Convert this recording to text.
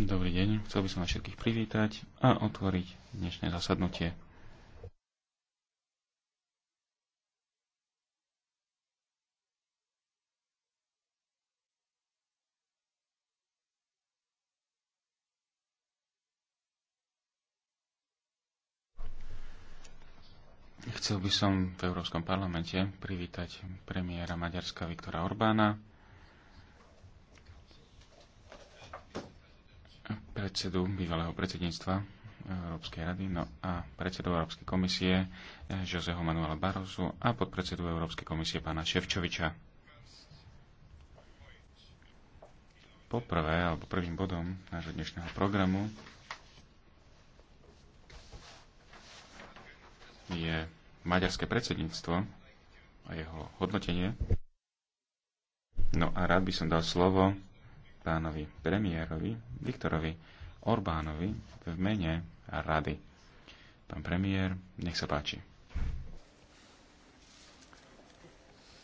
Dobrý deň, chcel by som vás všetkých privítať a otvoriť dnešné zasadnutie. Chcel by som v Európskom parlamente privítať premiéra Maďarska Viktora Orbána, predsedu bývalého predsedníctva Európskej rady no a predsedu Európskej komisie eh, Joseho Manuela Barrosu a podpredsedu Európskej komisie pána Ševčoviča. Poprvé, alebo prvým bodom nášho dnešného programu je maďarské predsedníctvo a jeho hodnotenie. No a rád by som dal slovo pánovi premiérovi Viktorovi Orbánovi v mene rady. Pán premiér, nech sa páči.